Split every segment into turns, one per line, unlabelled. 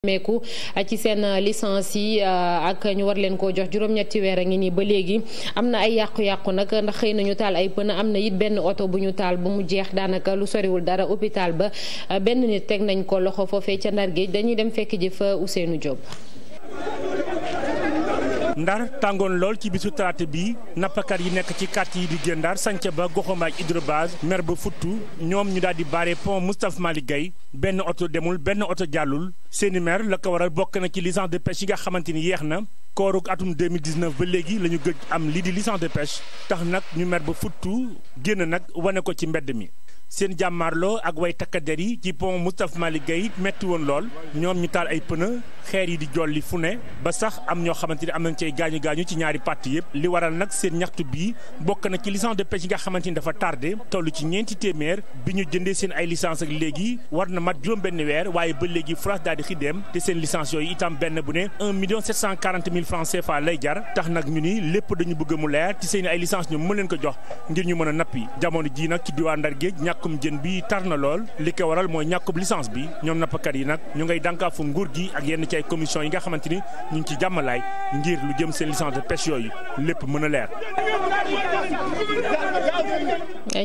meeku ci seen licence yi euh, ak ñu war leen ko jox juróom-ñetti weer a ngi nii ba léegi am na ay yàqu-yàqu nag ndax xëy nañu taal ay pën am na it benn oto bu ñu taal ba mu jeex daanaka lu soriwul dara hôpital ba euh, benn nit teg nañ ko loxo foofe ca Ndar Géej dañuy dem fekk ji fa Ousseynou Diop
ndar tàngoon lool ci bisu talaata bi nappkat yi nekk ci quartier yi di Guet Ndar Santhiaba ba Goxoma ak Hydrobase mer ba futtu ñoom ñu daal di baare pont Moustapha Malick gay benn oto demul benn oto jàllul seeni mer la ko waral bokk na ci licence de pêche yi nga xamante ni yeex na koorug atum 2019 ba léegi la ñu gëj am lii di licence de pêche tax nag ñu mer ba futtu génn nag wane ko ci mbedd mi seen jàmmaarloo ak way takkader yi ci pont Moustapha Malick Gueye it metti woon lool ñoom ñu taal ay pneu xeer yi di jolli fu ne ba sax am ñoo xamante ni am nañ cay gaañu gaañu ci ñaari parti yëpp li waral nag seen ñaxtu bii bokk na ci licence de pêche yi nga xamante ni dafa tardé toll ci ñeenti téeméer bi ñu jëndee seen ay licence ak léegi war na mat juróom benn weer waaye ba léegi France daal di xiddeem te seen licence yooyu itam benn bu ne 1 million 740 mille francs CFA lay jar tax nag ñu ni lépp dañu bëgg mu seen ay licence ñu mën leen ko jox ngir ñu mën a nappi jamono ji nag ci diwaan Ndar géej ñàkkum jën bi tar na lool li ko waral mooy ñàkkub licence bi ñoom nappkat yi nag ñu ngay dànkaafu nguur gi ak yenn ci ay yi nga xamante ni ñu ngi ci jàmmalaay ngir lu jëm seen licence de pêche yooyu lépp mën a leer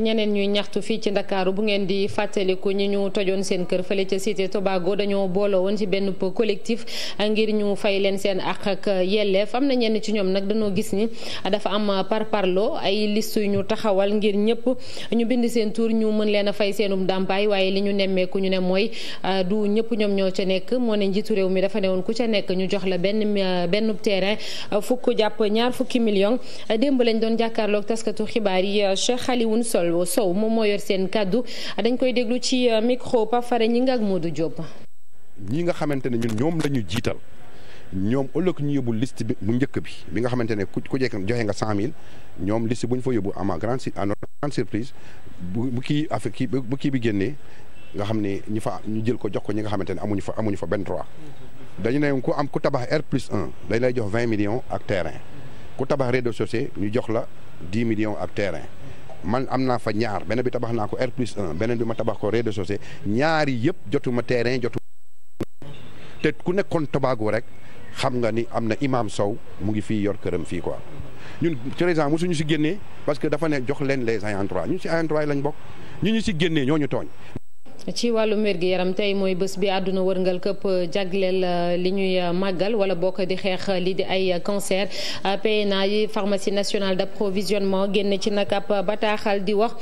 ñeneen ñuy ñaxtu fii ci ndakaaru bu ngeen di fàttaliku ñi ñu tojoon seen kër fële ca cité Tobago dañoo booloo woon ci benn collectif ngir ñu fay leen seen àq ak yelleef am na ñenn ci ñoom nag dañoo gis ni dafa am parparloo ay liste yu ñu taxawal ngir ñëpp ñu bind seen tur ñu mën leen a fay seenum dàmpaay waaye li ñu nemmeeku ñu ne mooy ah, du ñëpp ñoom ñoo ca nekk moo ne njiitu réew mi dafa ne woon ku ca nekk ñu jox la benn ah, benn terrain ah, fukk jàpp ñaar million Alioune Sow Sow moom moo yor seen kàddu dañ koy déglu ci euh, micro Pape Fare ñi nga ak Modou Diop.
ñi nga xamante ne ñun ñoom la jiital ñoom ëllëg ñu yóbbu liste bi bu njëkk bi bi nga xamante ne ku ku jekk joxe nga cent mille ñoom liste buñ fa yóbbu ama grande si à notre grande surprise bu bu kii affaire bu kii bi génnee nga xam ne ñu fa ñu jël ko jox ko ñi nga xamante ne amuñu fa amuñu fa benn droit dañu ne ku am ku tabax R plus un dañ lay jox vingt millions ak terrain ku tabax rez-de-chaussée ñu jox la dix millions ak terrain. man am naa fa ñaar benn bi tabax naa ko R plus 1 beneen bi ma tabax ko rez-de-chaussée ñaari yëpp jotuma terrain jotu te ku nekkoon Tobago rek xam nga ni am na Imam Sow mu ngi fii yor këram fii quoi ñun par exemple mosuñu si génnee parce que dafa ne jox leen les ayants droit ñu si ayants droit lañ bokk ñu ñu si
génnee ñoo ñu tooñ
ci wàllum wérgu yaram tey mooy bés bi àdduna wërngal këpp euh, jagleel euh, li ñuy euh, màggal wala bokk di xeex lii di ay cancer PNA yi pharmacie nationale d'approvisionnement génne ci nag ab bataaxal di wax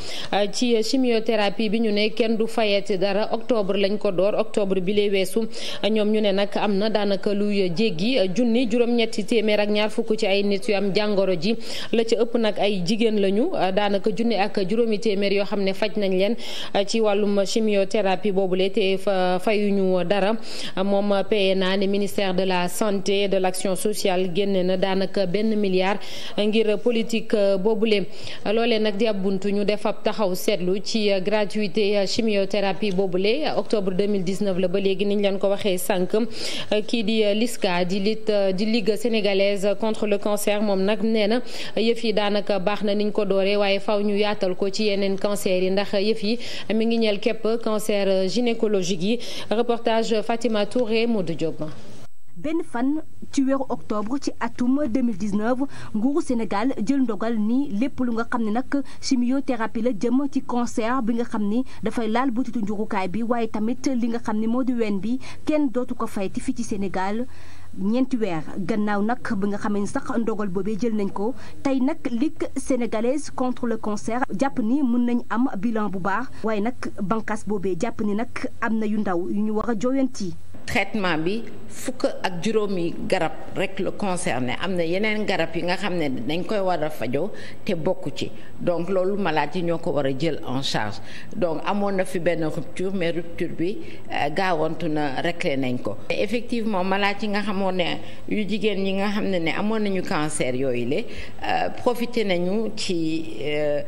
ci chimiothérapie bi ñu ne kenn du fayati dara octobre lañ ko door octobre bi lay weesu ñoom ñu ne nag am na daanaka luy jéggi junni juróom-ñetti téeméer ak ñaar fukk ci ay nit yu am jàngoro ji la ca ëpp nag ay jigéen lañu daanaka junni ak juróomi téeméer yoo xam ne faj nañ leen ci wàllum chimiothérapie thérapie boobule te fayuñu dara moom naa ne ministère de la santé de l'action sociale génne na daanaka benn milliard ngir politique boobule loolee nag di ab buntu ñu def ab taxaw seetlu ci gratuité chimiothérapie boobule octobre 2019 la ba léegi niñ leen ko waxee sànq kii di LISCA di lit di ligue sénégalaise contre le cancer moom nag nee na yëf yi daanaka baax na niñ ko dooree waaye faw ñu yaatal ko ci yeneen cancer yi ndax yëf yi mi ngi ñeel cancer gynécologique yi reportage Fatima Touré Modou Diop.
benn fan ci weeru octobre ci atum 2019 nguuru Sénégal jël ndogal ni lépp lu nga xam ni nag chimiothérapie la jëm ci cancer bi nga xam ni dafay laal butitu njurukaay bi waaye tamit li nga xam ni moo di ween bi kenn dootu ko fayti fii ci Sénégal ñeenti weer gannaaw nag bi nga xam ne sax ndogal boobe jël nañ ko tey nag ligue sénégalaise contre le cancer jàpp ni mën nañu am bilan bu baax waaye nag bànqaas boobee jàpp ni nag am na yu ndaw yu ñu war a jooyanti
traitement bi fukk ak juróomi garab rek la concerné am na yeneen garab yi nga xam ne dañ koy war a fajoo te bokku ci donc loolu malade yi ñoo ko war a jël en charge donc amoon na fi benn rupture mais rupture bi euh, gaawantu na réglé nañ ko. effectivement malade yi nga xamoon ne yu jigéen ñi nga xam ne ni amoon nañu cancer yooyu le euh, profité nañu ci euh,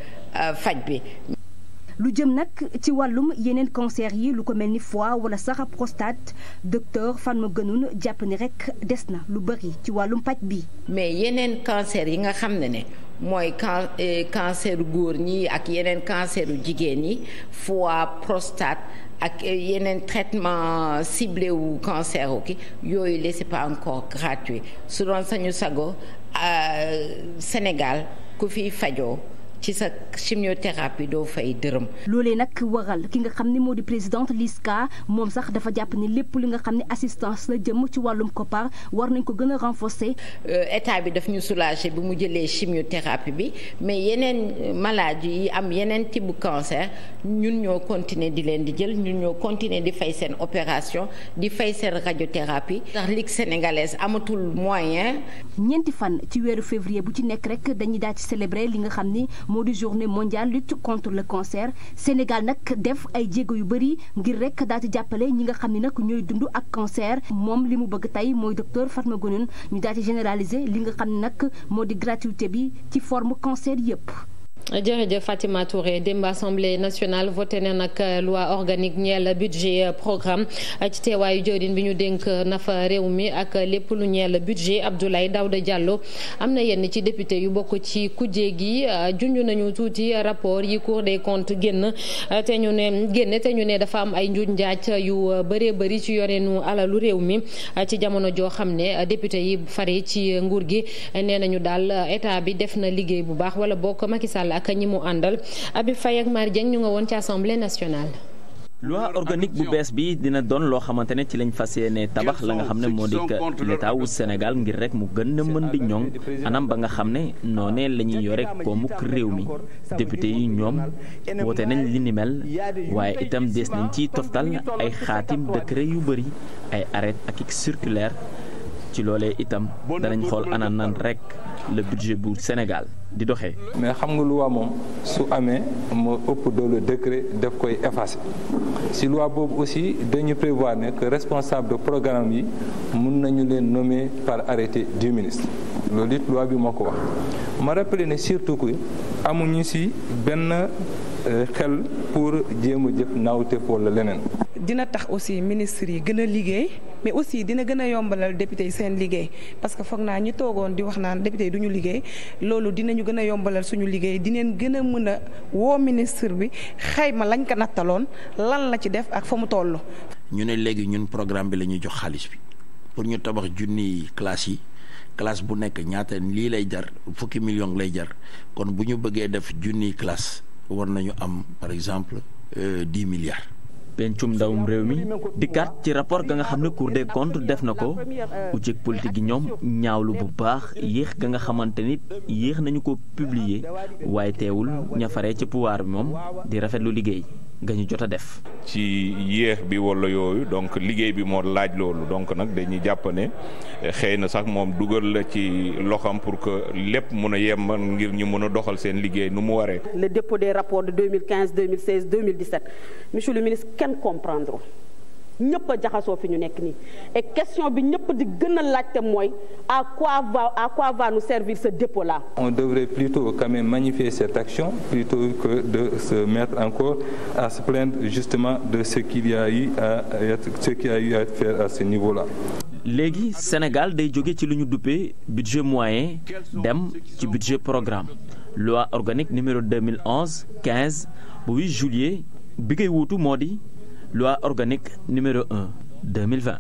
faj bi.
lu jëm nag ci wàllum yeneen cancer yi lu ko mel ni foie wala sax prostate fan Fatma gënul jàpp ni rek des na lu bëri ci wàllum paj bi.
mais yeneen cancer yi nga xam ne ne mooy can eh, cancer góor ñi ak yeneen cancer jigéen ñi foie prostate. ak eh, yeneen traitement ciblé wu cancer wu ki yooyu la c'est pas encore gratuit su doon sañu sago euh,
Sénégal ku fiy fajoo ci sa chimiothérapie doo fay dërëm. loolee nag waral ki nga xam ne moo di présidente LISCA moom sax dafa jàpp ni lépp li nga xam ne assistance la jëmm ci wàllum koppar war nañ ko gën a renforcer. Euh, état bi daf ñu soulager bi mu jëlee
chimiothérapie bi mais yeneen maladies yi am yeneen type bu cancer ñun ñoo continuer di leen di jël ñun ñoo continuer di fay seen opération di fay seen radiothérapie.
ndax ligue sénégalaise amatul moyen. ñeenti fan ci weeru février bu ci nekk rek dañuy daal li nga xam ni. moo di journée mondiale lutte contre le cancer Sénégal nag def ay jéego yu bëri ngir rek daal di jàppale ñi nga xam ni nag ñooy dund ak cancer moom li mu bëgg tey mooy docteur Fatma Gueye ñu daal di généraliser li nga xam ne nag moo di gratuité bi ci forme cancer yëpp.
jërëjëf Fatima Touré démb assemblée nationale voté na nag euh, loi organique ñeel budget euh, programme euh, ci teewaayu jëwriñ bi ñu dénk nafa réew mi ak lépp lu ñeel budget Abdoulaye Daouda Diallo am na yenn ci député yu bokk ci kujje gi junj nañu tuuti rapport yi cour de comptes génn te ñu ne génn te ñu ne dafa am ay njuuj njaaj yu bëree bëri ci yoreenu alalu réew mi ci jamono joo xam ne député yi fare ci nguur gi nee nañu daal état bi def na liggéey bu baax ak ñi mu àndal Habib Faye ak Mar Dieng ñu nga woon ci assemblée
organique bu bees bi dina doon loo xamante ne ci lañ fas yéene tabax la nga xam ne moo di l'état wu senegal ngir rek mu gën a mën di ñoŋ anam ba nga xam ne noonee la ñuy yore mukk réew mi député yi ñoom woote nañ li ni mel waaye itam des nañ ciy toftal ay xaatim décret yu bëri ay arrêté ak circulaire ci loolee itam danañ xool anaan nan rek le budget bu Sénégal di doxee.
mais xam nga loi moom su amee moo ëpp doole décret daf koy effacer si loi boobu aussi dañu prévoir ne que responsable de programme yi mun nañu leen nommer par arrêté di ministre loolu it loi bi moo ko wax ma rappelé ne surtout que amuñu si benn euh, xel pour jéem a jëf naawteef wala leneen.
dina tax aussi ministre yi gën liggéey. mais aussi dina gën a yombalal député yi seen liggéey parce que foog naa ñu toogoon di wax naan député yi duñu liggéey loolu dinañu gën a yombalal suñu liggéey dineen gën a mën a woo ministre bi xayma lañ ko nattaloon lan la ci def ak fa mu toll.
ñu ne léegi ñun programme bi la ñuy jox xaalis bi pour ñu tabax junni classe yi. classe bu nekk ñaata lii lay jar fukki million lay jar kon bu ñu bëggee def junniy classe war nañu am par exemple euh, di milliards pencum ndawum réew mi dikkaat ci rapport ga nga xam ne cour des comptes def na ko ucik e politique yi ñoom ñaawlu bu baax yéex ga nga xamante ni yéex nañu ko publier waaye teewul ña faree ci pouvoir bi moom di rafetlu liggéey nga ñu jot a def. ci yéex bi wala yooyu donc liggéey bi moo laaj loolu donc nag dañuy jàpp ne eh, xëy na sax moom dugal la ci loxam pour que lépp mun a yem ngir ñu mun a doxal seen liggéey nu mu waree.
le dépôt des rapports de 2015 2016 2017 monsieur le ministre kenn comprendre. ñëpp a jaxasoo fi ñu nekk nii et question bi ñëpp di gën a laajte mooy à quoi va à quoi va nous servir ce dépôt là.
on devrait plutôt quand même magnifier cette action plutôt que de se mettre encore à se plaindre justement de ce qu'il y a eu à faire à ce niveau là.
léegi Sénégal day joge ci lu ñu duppee budget moyen dem ci budget programme loi organique numéro 2011 15 bu 8 juillet bi koy wuutu moo di. loi organique numéro 1 2020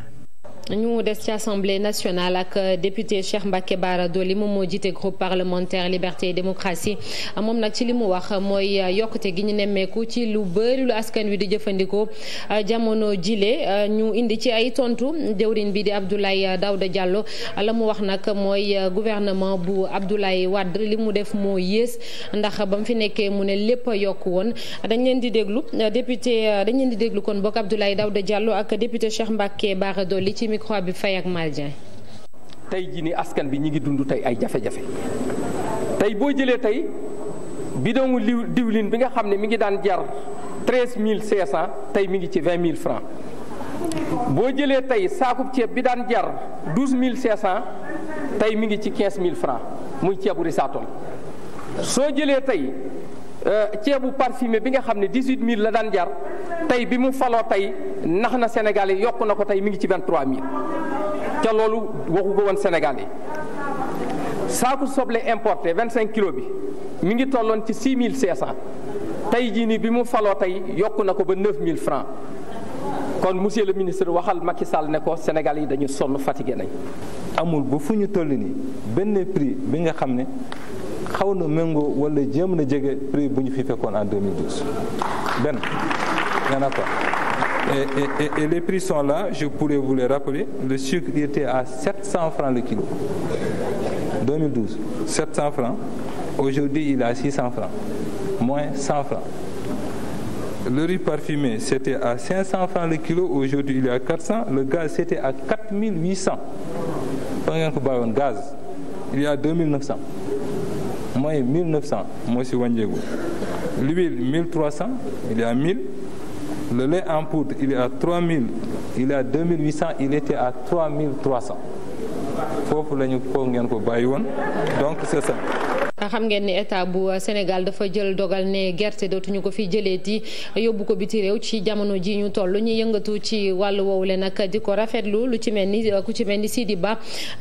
ñu des ci assemblée nationale ak euh, député Cheikh Mbacke Bara Dolly moom moo jiite groupe parlementaire liberté et démocratie moom nag ci li mu wax mooy euh, yokkute gi ñu nemmeeku ci lu bëri lu askan wi di jëfandikoo euh, jamono jile ñu indi ci ay tontu jëwriñ bi di Abdoulaye Daouda jàllo la mu wax nag mooy gouvernement bu Abdoulaye Wade li mu def moo yées ndax ba mu fi nekkee mu ne lépp a yokk woon dañ leen di déglu député dañ leen di déglu kon bokk Abdoulaye Daouda micro bi Faye ak Malick
tey jii ni askan bi ñi ngi dund tey ay jafe tey boo jëlee tey bi bidon diwlin bi nga xam ne mi ngi daan jar treize mille cinq cent tey mi ngi ci vingt mille francs boo jëlee tey saakub ceeb bi daan jar douze mille cinq cent tey mi ngi ci quinze mille francs muy ceebu risaatol soo jëlee tey euh, ceebu parfumé bi nga xam ne dix-huit mille la daan jar tey bi mu faloo tey nax na Sénégal yi yokk na ko tey mi ngi ci vingt trois mille ca loolu waxu ko woon Sénégal yi saaku soble importé vingt cinq kilos bi mi ngi tolloon ci six mille cinq cent tey jii nii bi mu faloo tey yokk na ko ba neuf mille francs kon monsieur le ministre waxal Macky Sall ne ko Sénégal yi dañu sonn fatigué nañ. amul ba fu ñu toll nii benn prix bi nga xam ne xaw na méngoo wala jéem na jege prix bu ñu fi fekkoon en benn. Il Et, les prix sont là, je pourrais vous les rappeler. Le sucre était à 700 francs le kilo. 2012, 700 francs. Aujourd'hui, il est à 600 francs. Moins 100 francs. Le riz parfumé, c'était à 500 francs le kilo. Aujourd'hui, il est à Le gaz, c'était à 4800. gaz, il y a 2900. Moins 1900, moi, c'est L'huile, il y a Le lait en poudre, il est à 3000, il est à 2800, il était à 3300. foofu la ñu ko ngeen ko bàyyi woon donc c'est ça.
xam ngeen ni état bu Sénégal dafa jël dogal ne gerte ñu ko fi jëlee di yóbbu ko biti réew ci jamono ji ñu toll ñu yëngatu ci wàll woowu le nag di ko rafetlu lu ci mel ni ku ci mel ni Sidi Ba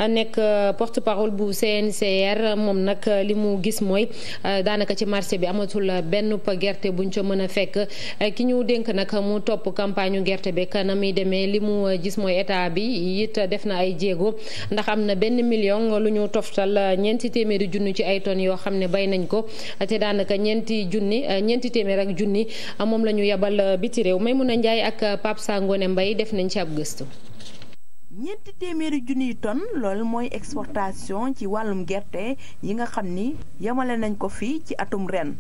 nekk euh, porte parole bu CNCR moom nag li mu gis mooy euh, daanaka ci marché bi amatul benn gerte buñ ca mën a fekk ki ñu dénk nag mu topp campagne gerte bi na muy demee li mu gis mooy état bi it def na ay jéego ndax am na benn million lu ñu toftal ñeenti téeméeri junni yoo xam ne bay nañ ko te daanaka ñeenti junni ñeenti téeméer ak junni moom la ñu yebal uh, biti réew mun Maymuna Njaay ak uh, Pape Sangone Mbay def nañ ci ab gëstu.
ñeenti
téeméeri junniy ton lool mooy exportation ci wàllum gerte yi nga xam ni yemale nañ ko fii ci atum ren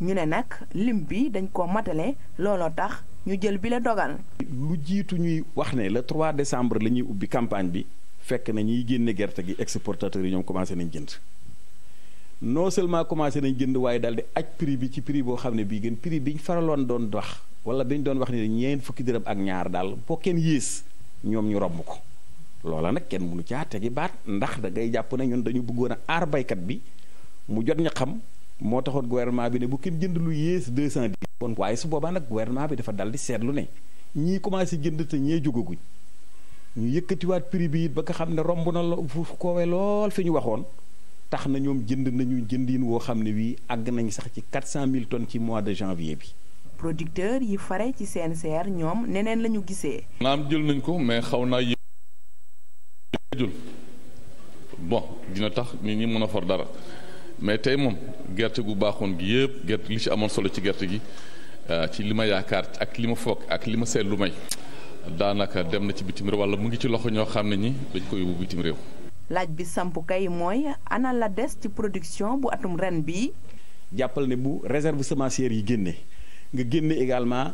ñu ne nag lim bi dañ ko matale looloo tax ñu jël bi la dogal.
lu jiitu ñuy wax ne le 3 décembre la ñuy ubbi campagne bi fekk na ñuy génne gerte gi exportateurs yi ñoom commencé nañ jënd. non seulement commencé nañ jënd waaye daal di aj prix bi ci prix boo xam ne bii gën bi ñu faraloon doon wax wala biñ doon wax ne ñeent fukki dërëm ak ñaar daal boo kenn yées ñoom ñu romb ko loola nag kenn mënu caa tegi baat ndax da ngay jàpp ne ñun dañu bëggoon a aar baykat bi mu jot ña xam moo taxoon gouvernement bi ne bu kenn jënd lu yées deux cent dix kon waaye su boobaa nag gouvernement bi dafa dal di seetlu ne ñii commencé jënd te ñee jógaguñ ñu yëkkatiwaat prix bi ba nga xam ne romb na lo fu koowee lool fi ñu waxoon tax na ñoom jënd nañu jëndin woo xam ne wii àgg nañ sax ci 400 000 tonnes ci mois de janvier bi.
producteurs yi fare ci CNCR ñoom neneen la ñu gisee.
naam jël nañ ko mais xaw naa jël bon dina tax nit ñi mën a for dara mais tey moom gerte gu baaxoon yëpp gerte li ci amoon solo ci gerte gi euh, ci li ma yaakaar ak li ma foog ak li ma seetlu may. daanaka dem na ci bitim réew wala mu ngi ci loxo ñoo xam ne ñi dañ ko yóbbu bitim réew.
laaj bi samp kay mooy ana la des ci production bu atum ren bii.
jàppal ne bu réserve semencière yi génne nga génne également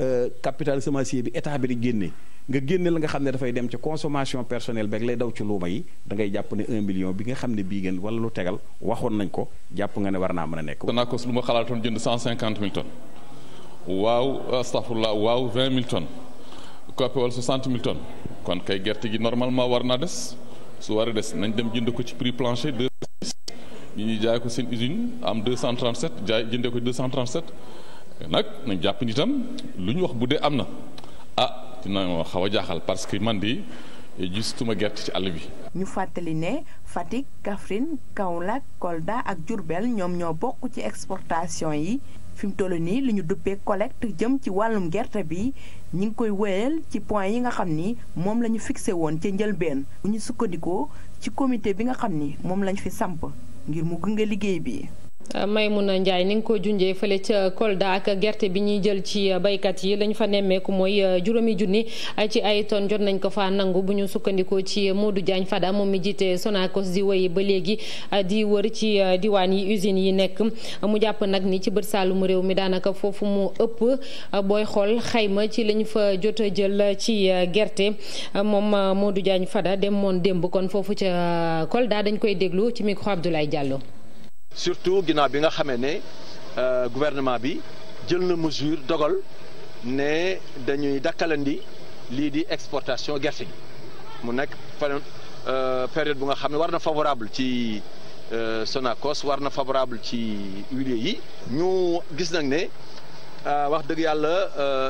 euh, capital semencier bi état bi di génne nga génne la nga xam ne dafay dem ci consommation personnelle beeg lay daw ci luuma yi da ngay jàpp ne un million bi nga xam ne bii ngeen wala lu tegal waxoon nañ ko jàpp nga ne war naa mën a nekk. danaa ko lu ma xalaatoon jënd cent cinquante mille tonnes waaw la waaw vingt mille tonnes coppe wala soixante mille tonnes kon kay gerte gi war naa des. su waree a des nañ dem jënd ko ci prix plancher deux ñi ñuy jaay ko seen usine am 237 jaay jëndee ko 237 nag nañ jàpp ni tam lu ñu wax bu dee am na ah dina xaw a jaaxal parce que man di gisatuma gerte ci àll bi.
ñu fàttali ne Fatick Kaffrine Kaolack Kolda ak Diourbel ñoom ñoo bokk ci exportation yi. fi mu toll nii li ñu duppee collecte jëm ci wàllum gerte bi ñu ngi koy wéyal ci point yi nga xam ni moom la ñu fixé woon ca njëlbeen bu ñu sukkandikoo ci comité bi nga xam ni moom lañ fi samp ngir mu gunge liggéey bi.
may mun euh, Maymuna Ndiaye ni nga ko junjee fële ca Kolda ak gerte bi ñuy jël ci euh, baykat yi lañu fa nemmeeku mooy euh, juróomi junni ci ay tonnes jot nañ ko fa nangu bu ñu sukkandikoo ci Modou Diagne Fada moom mi jiite Sonacos di wéy ba léegi di wër ci diwaan yi usines yi nekk mu jàpp nag ni ci bët saalumu réew mi daanaka foofu mu ëpp booy xool xayma ci lañu fa jot jël ci gerte moom Modou Diagne Fada dem moon démb kon foofu ca Kolda dañ koy déglu ci micro Abdoulaye jàlloo
surtout ginnaaw bi nga xamee ne euh, gouvernement bi jël na mesure dogal ne dañuy dakkalandi lii di exportation gerte gi mu nekk euh, période bu nga xam ne war na favorable ci euh, Sonacos war na favorable ci huiliers yi ñu gis nag ne wax dëgg yàlla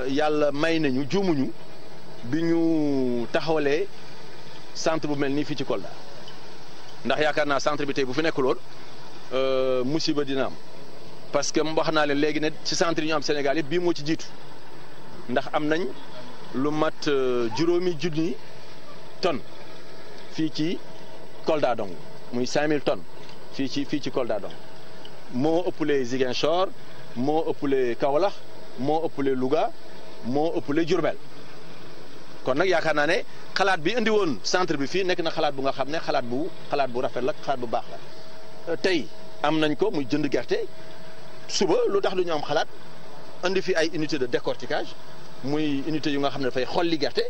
yàlla may nañu juumuñu bi ñu taxawalee sant bu mel nii fii ci Kolda ndax yaakaar naa centre bi tey bu fi nekk lool Euh, musiba dina am parce que wax naa léegi ne ci centre yi am Sénégal yëpp bii moo ci jiitu ndax am nañ lu mat euh, juróomi junni tonnes fii ci Kolda dong muy 5000 tonnes fii ci fii ci Kolda dong moo ëppale Ziguinchor moo ëppale kawlax moo ëppale Louga moo ëppale Diourbel kon nag yaakaar naa ne xalaat bi indi woon centre bi fii nekk na xalaat bu nga xam ne xalaat bu xalaat bu rafet la xalaat bu baax la euh, tey am nañ ko muy jënd gerte suba lu tax du ñu am xalaat indi fi ay unité de décortiquage muy unité yu nga xam ne dafay xolli gerte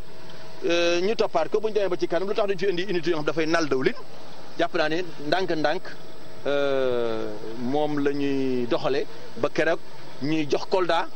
euh, ñu toppaat ko bu ñu demee ba ci kanam lu tax duñ fi indi unité yoo xam dafay nal dawlin jàpp naa ne ndànk-ndànk euh, moom la ñuy doxalee ba keroog ñuy jox Kolda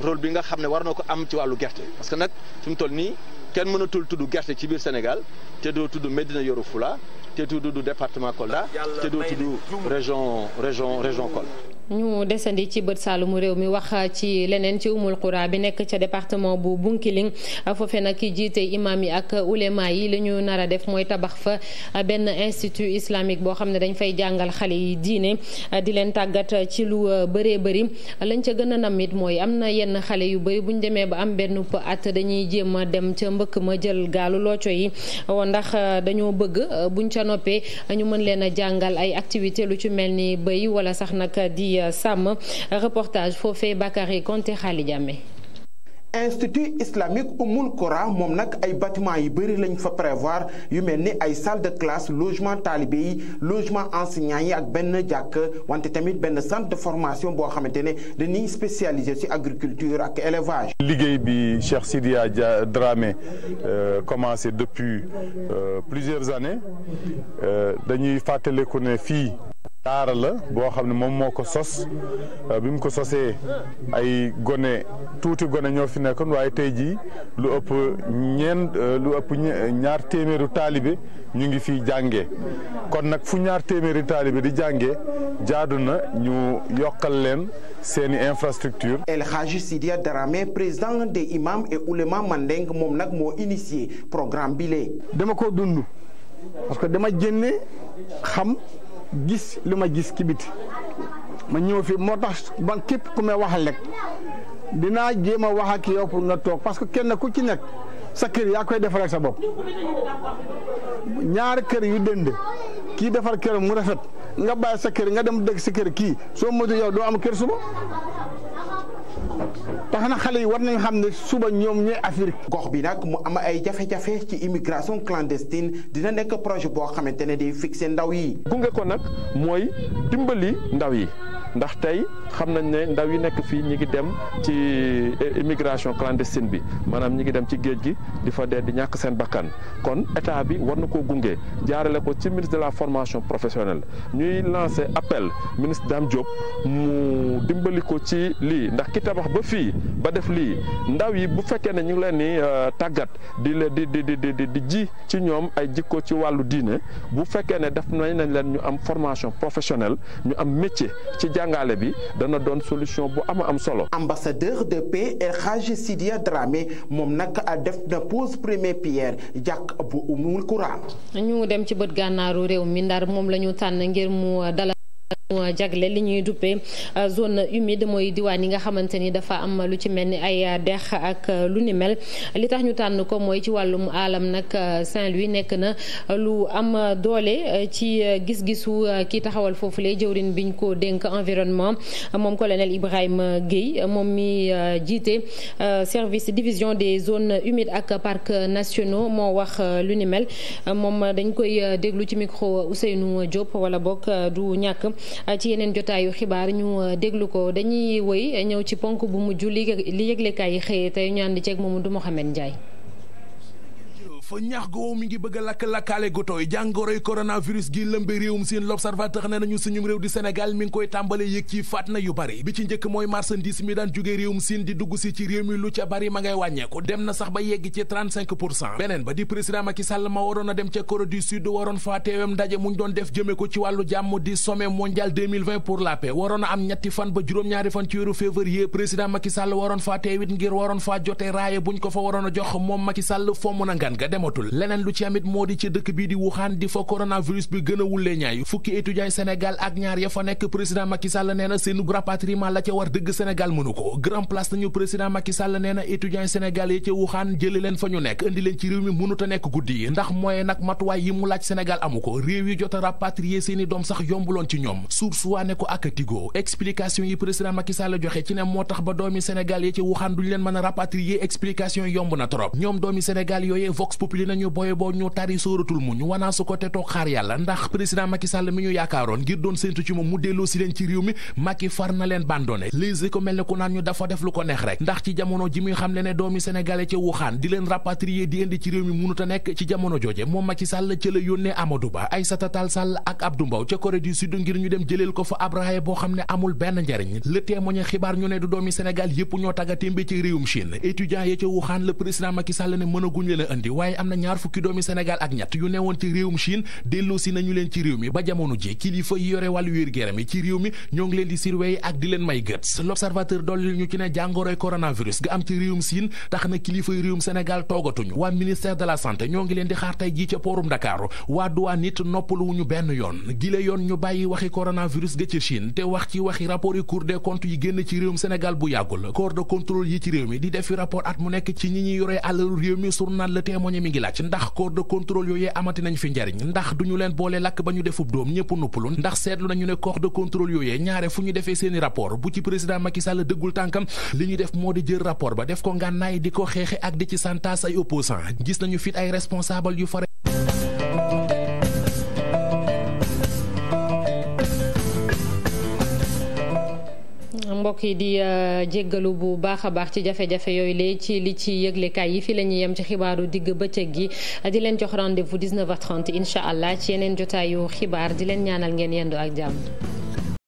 role bi nga xam ne war na ko am ci wàllu gerte parce que nag fi mu toll nii. kenn mënatul tudd gerte ci biir Sénégal te doo tudd Médina Yoro Fula te doo tudd département Kolda te doo tudd région
région région Kolda ñu desandi ci bët saalumu réew mi wax ci leneen ci umul qura bi nekk ca département bu Bunkiling foofee nag ki jiite imaam yi ak ulema yi li ñu nar a def mooy tabax fa benn institut islamique boo xam ne dañ fay jàngal xale yi diine di leen tàggat ci lu bëree bëri lañ ca gën a nam mooy am na yenn xale yu bëri bu ñu demee ba am benn at dañuy jéem a dem ca mbëkk ma jël gaalu looco yi ndax dañoo bëgg buñ ca noppee ñu mën leen jàngal ay activité lu ci ci euh, sàmm reportage foofee Bakary Konte Xaali Jàmme
institut islamique umul kora moom nag ay bâtiment yu bëri lañ fa prévoir yu mel ni ay salle de classe logement talibé yi logement enseignant yi ak benn jàkk wante tamit benn centre de formation boo xamante ne dañuy spécialisé ci agriculture ak élevage.
liggéey bi Cheikh Sidia Dramé euh, commencé depuis euh, plusieurs années dañuy fàttaliku ne fii. daara la boo xam ne moom moo ko sos euh, bi mu ko sosee ay gone tuuti gone ñoo fi nekkoon waaye tey jii lu ëpp ñeen euh, lu ëpp ñaar téeméeru taalibe ñu ngi fi jànge kon nag fu ñaar téeméeri taalibe di jànge jaadu
na ñu yokkal leen seeni infrastructure El Hadji Sidia Darame président des imams et oulémas Mandeng moom nag moo initié programme bi dama ko
dund parce que dama génne xam gis lu ma gis kibit ma ñëw fi moo tax ban képp ku may waxal rek dinaa jéem a wax ak pour nga toog parce que kenn ku ci nekk sa kër yaa koy defaree sa bopp ñaari kër yu dënd kii defar kër mu rafet nga bàyyi sa kër nga dem dëkk sa
kër kii soo moytu yow doo am kër suba tax na xale yi war nañu xam ne suba ñoom ñooy Afrique. gox bi nag mu am ay jafe-jafe ci immigration clandestine dina nekk projet boo xamante ne di fixé ndaw yi. gunge ko nag mooy dimbali
ndaw yi. ndax tey xam nañ ne ndaw yi nekk fii ñi ngi dem ci eh, immigration clandestine bi maanaam ñi ngi dem ci géej gi di fa dee di ñàkk seen bakkan kon état bi war na koo gunge jaarale ko ci ministre de la formation professionnelle ñuy lancer appel ministre Dame Diop mu dimbali ko ci lii ndax ki tabax ba fii ba def lii ndaw yi bu fekkee ne ñu ngi leen ni euh, tàggat di leen di di di di ji ci ñoom ay jikko ci wàllu diine bu fekkee ne def nañ leen ñu am formation professionnelle ñu am métier ci njàngale bi dana doon solution bu ama am solo.
ambassadeur de paix El Hadj Sidia Dramé moom nag def na pose première pierre jàkk bu umul kuraan
ñu dem ci bët gànnaaru réew mi ndar moom la tànn ngir mu dalal jagle li ñuy duppee euh, zone humide mooy diwaan yi nga xamante ni dafa am lu ci mel ni ay dex ak euh, lu ni mel li tax ñu tànn ko mooy ci wàllum aalam nag euh, Saint-Louis nekk na lu am doole ci gis-gisu ki taxawal foofu lay jëwrin biñ ko dénk environnement moom colonel Ibrahima Guèye moom mi jiite service division des zone humide ak parcs nationaux moo wax lu ni mel moom dañ koy déglu ci micro Ousseynou Diop wala bokk du ñàkk ci yeneen jotaayu xibaar ñu euh, déglu ko dañuy woy ñëw ci ponk bu mujj li li yëglekaay yi xëyee tey ñu ànd ceeg Mamadou Mouhamed Ndiaye
fa ñaax goowu mi ngi bëgg a lakk-lakkaale gu tooy jàngoroy coronavirus gi lëmbe réewum siin l'observateur ne nañu suñum réew di Sénégal mi ngi koy tàmbale yëg ci faat yu bari bi ci njëkk mooy marchandise mi daan jóge réewum siin di dugg si ci réew mi lu ca bari ma ngay wàññeeku dem na sax ba yegg ci 35 pour cent beneen ba di président Macky Sall ma waroon a dem ca Corée du Sud waroon faa teewam ndaje muñ doon def jëme ko ci wàllu jàmm di sommet mondial 2020 pour la paix a am fan ba juróom-ñaari fan ci weeru février président Macky Sall waroon faa ngir waroon faa jote raaye buñ ko fa waroon a jox moom Macky Sall fomm na ngan dematul leneen lu ci amit moo di ci dëkk bii di Wuhan di fa coronavirus bi gën wullee ñaayu fukki étudiants Sénégal ak ñaar ya fa nekk président Macky Sall nee na seenu la ca war dëgg Sénégal mënu ko grand place nañu président Macky Sall nee na étudiants ya ca Wuhan jële fa ñu nekk indi ci réew mi mënuta nekk guddi yi ndax mooy nag matuwaay yi mu laaj Sénégal amu ko réew yi jot a rapatrier seeni doom sax yombuloon ci ñoom source populi nañu boye boo ñu tari sóoratul mu ñu wanaasu ko te toog xaar yàlla ndax président Macky Sall mi ñu yaakaaroon ngir doon séntu ci moom mu delloo si leen ci réew mi Macky far na leen bandone Les Échos mel ne ku naan ñu dafa def lu ko neex rek ndax ci jamono ji xam le doomi sénégalais ca Wuhan di leen rapatrier di indi ci réew mi mënut a nekk ci jamono jooje moom Macky Sall ca la yónnee Amadou Ba Aïssata Tall Sall ak Abdou Mbow ca Corée du Sud ñoo tagga témbe ci réewum Chine nay am na ñaar fukki doomi Sénégal ak ñett yu newoon ci réewum Chine delloosi ci réew mi ba jamono ji kilifa yi yore wàllu wér-gu-yaram yi ci réew mi ñoo ngi leen di surveiller ak di leen may gët l'observateur dolli ñu ci ne jàngoroy coronavirus ga am ci réewum Chine tax na kilifa yi réewum Sénégal toogatuñu waa ministère de la santé ñoo ngi leen di xaar tey jii ca poorum Dakar waa duwaa nit noppalu wuñu benn yoon gile yoon ñu bàyyi waxi coronavirus ga ci Chine te wax ci waxi mi ngi laaj ndax corps de contrôle yooyee amati nañ fi njariñ ndax du leen boole lakk ba ñu defub doom ñëpp noppalu ndax seetlu nañu ne corps de contrôle yooyee ñaare fu ñu defee seeni rapport bu ci président Macky Sall dëggul tànkam li ñu def moo di jël rapport ba def ko ngànnaay di ko xeexe ak di ci santaas ay opposant gis nañu fit ay responsable yu fare
mbokk yi di euh, jéggalu bu baax a baax ci jafe-jafe yooyu la ci li ci yëglekaay yi fii la ñuy yem ci xibaaru digg bëccëg gi di leen jox rendez-vous 19h30 incha allah ci yeneen jotaayu xibaar di leen ñaanal ngeen yendu ak jàmm.